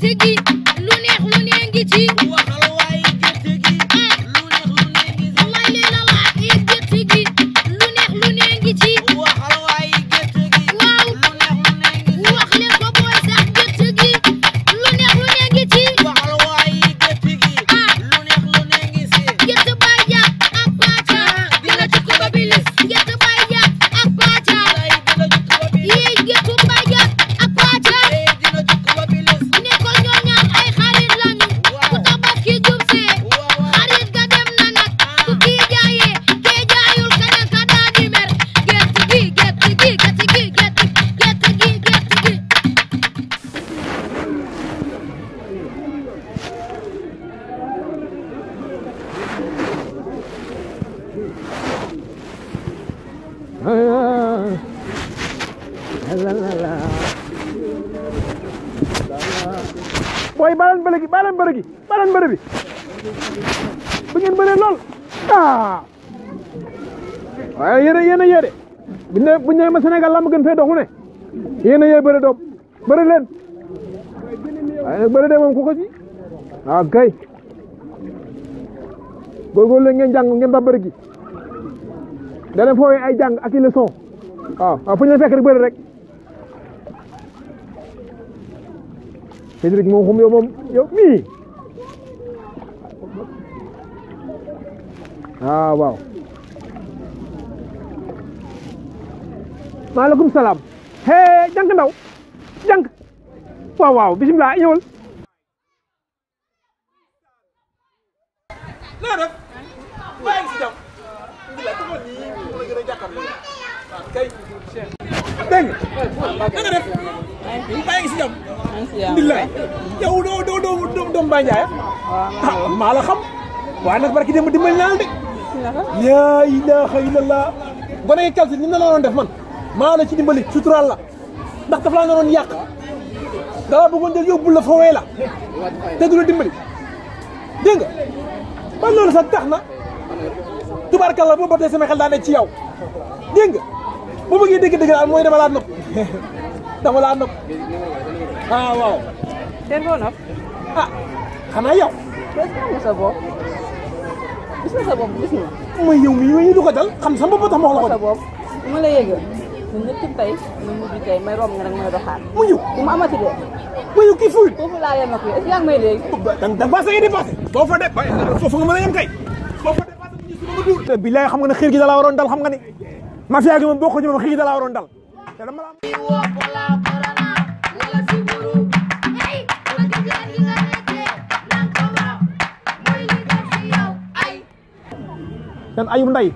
gerte gi lu neex lu nee ngi ci booy balan bële gi balan bëre gi balan bëre bi bu ngeen bëree lool ah waaye yéen a yéen a yéede bu ñu bu ma gën fee dox mu yee bëre doom bëre leen waaye de moom ku ko ci waaw ah, kay góorgóorlu ngeen jàng ngeen ba bëre gi da leen ay jàng ak i leçon ah, waaw waaw fekk rek. Cédric moo xum yow moom yow ah, waaw maaleykum salaam hey jànk ndaw jànk waaw waaw bisimilah ñëwal loo def bàyyi dégg nga nga def bàyyi ngi si jàmm alhamdulilah yow doo doo doo doo Mbaye Ndiaye ah? ah maa la xam waaye nag barki dem dimbali naa la de laa ilaaha gone gi calci ni na la doon maa la ci dimbali suturaal la ndax daf laa naroon yàq dala bëggoon jël yóbbu la fawee la te du la dimbali dégg nga ba loolu sax tax na tubaarkalla boo ba tey sama xel ci yow dégg bu bëggee dégg-dégg daal mooy dama laa nopp dama laa nopp ah waaw. seen boo nopp. ah xanaa yow. gis sa bopp gis na sa bopp gis na. mooy yow mii yooyu lu ko dal xam sa bopp tax ma wax la ko. sa bopp bu ma la yëgee ñun ñëpp tey ñu mujj tey may romb nga nag may doxaat. mu ñëw bu ma amati de. ma yow kii fuuy. foofu laa yem ak yow est-ce que yaa ngi may dégg. Oh, da nga passé nga dépassé. boo fa def foofu nga mën a yem kay. boo fa dépassé bu ñu suba ma duur. bilaay xam nga ne xiir gi da la waroon dal xam nga ne. mafia gi moom bokk ci moom xëy dalaa waroon dal te dama la dan ayub nday